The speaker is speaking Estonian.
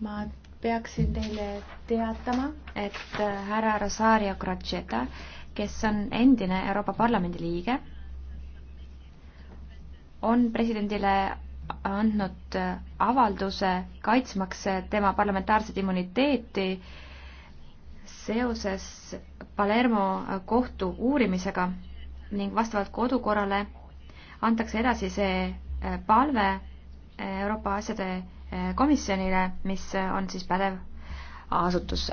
ma peaksin teile teatama, et äh, härra Rosario Croceta, kes on endine Euroopa Parlamendi liige, on presidendile andnud äh, avalduse kaitsmaks äh, tema parlamentaarset immuniteeti seoses Palermo kohtu uurimisega ning vastavalt kodukorrale antakse edasi see palve Euroopa asjade eh, komisjonile, mis on siis pädev asutus.